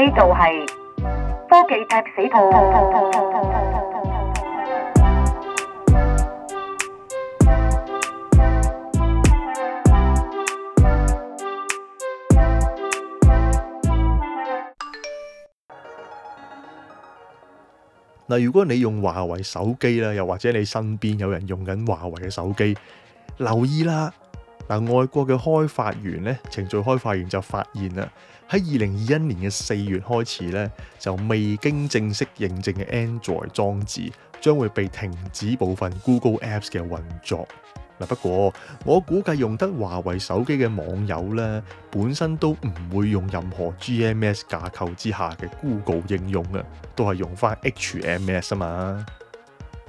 呢度係科技踢死套。嗱，如果你用華為手機啦，又或者你身邊有人用緊華為嘅手機，留意啦。嗱，外國嘅開發員咧，程序開發員就發現啦，喺二零二一年嘅四月開始咧，就未經正式認證嘅 Android 裝置將會被停止部分 Google Apps 嘅運作。嗱，不過我估計用得華為手機嘅網友咧，本身都唔會用任何 GMS 架構之下嘅 Google 應用，都係用翻 HMS 吖嘛。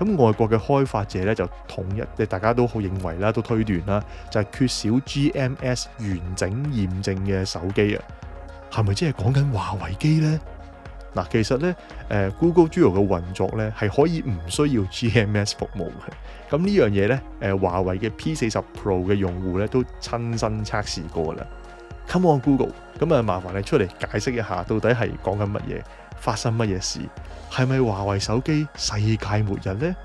咁外國嘅開發者咧就統一，誒大家都好認為啦，都推斷啦，就係缺少 GMS 完整驗證嘅手機啊，係咪即係講緊華為機呢？嗱，其實咧，誒 Google Google 嘅運作咧係可以唔需要 GMS 服務嘅。咁呢樣嘢咧，誒華為嘅 P 四十 Pro 嘅用戶咧都親身測試過啦。Come on Google，咁啊麻煩你出嚟解釋一下，到底係講緊乜嘢？發生乜嘢事？係咪華為手機世界末日呢？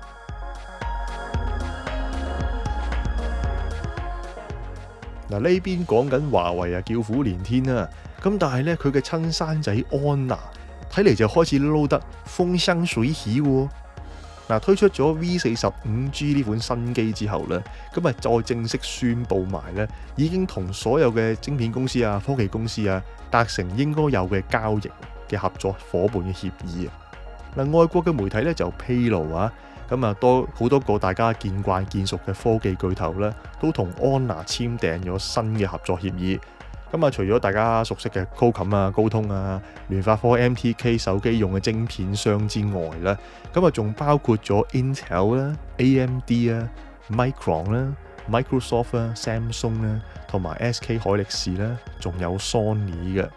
嗱，呢邊講緊華為啊，叫苦連天啦。咁但係呢，佢嘅親生仔安娜睇嚟就開始撈得風生水起喎。嗱，推出咗 V 四十五 G 呢款新機之後呢，咁啊再正式宣布埋呢，已經同所有嘅晶片公司啊、科技公司啊達成應該有嘅交易。嘅合作伙伴嘅協議啊！嗱，外國嘅媒體咧就披露啊，咁啊多好多個大家見慣見熟嘅科技巨頭咧，都同 Honor 簽訂咗新嘅合作協議。咁啊，除咗大家熟悉嘅 Qualcomm 啊、高通啊、聯發科 MTK 手機用嘅晶片商之外咧，咁啊仲包括咗 Intel 啦、啊、AMD 啊、Micron 啦、啊、Microsoft 啊、Samsung 咧、啊，同埋 SK 海力士啦、啊，仲有 Sony 嘅。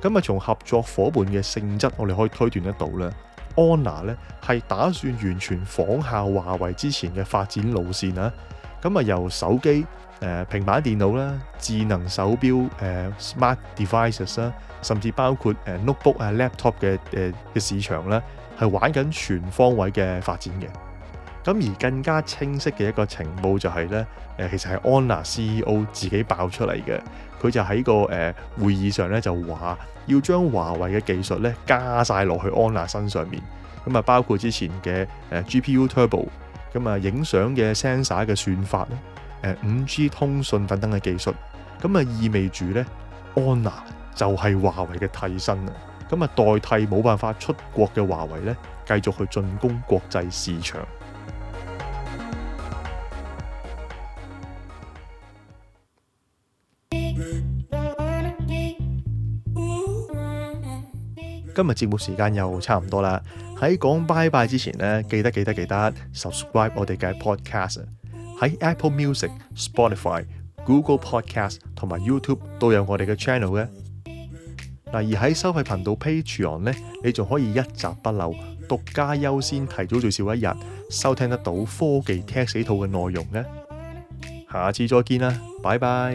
咁啊，從合作伙伴嘅性質，我哋可以推斷得到咧，Honor 咧係打算完全仿效華為之前嘅發展路線啦，咁啊，由手機、誒平板電腦啦、智能手表誒 smart devices 啦，甚至包括誒 notebook 啊、laptop 嘅誒嘅市場咧，係玩緊全方位嘅發展嘅。咁而更加清晰嘅一個情報就係咧，誒，其實係 Honor C E O 自己爆出嚟嘅。佢就喺個誒、呃、會議上咧，就話要將華為嘅技術咧加晒落去 Honor 身上面。咁啊，包括之前嘅誒 G P U Turbo，咁啊，影相嘅 sensor 嘅算法，誒五 G 通訊等等嘅技術。咁啊，意味住咧，Honor 就係華為嘅替身啊。咁啊，代替冇辦法出國嘅華為咧，繼續去進攻國際市場。今日節目時間又差唔多啦，喺講拜拜之前呢，記得記得記得 subscribe 我哋嘅 podcast，喺 Apple Music、Spotify、Google Podcast 同埋 YouTube 都有我哋嘅 channel 嘅。嗱，而喺收費頻道 Patreon 呢，你仲可以一集不漏、獨家優先、提早最少一日收聽得到科技踢死套嘅內容嘅。下次再見啦，拜拜。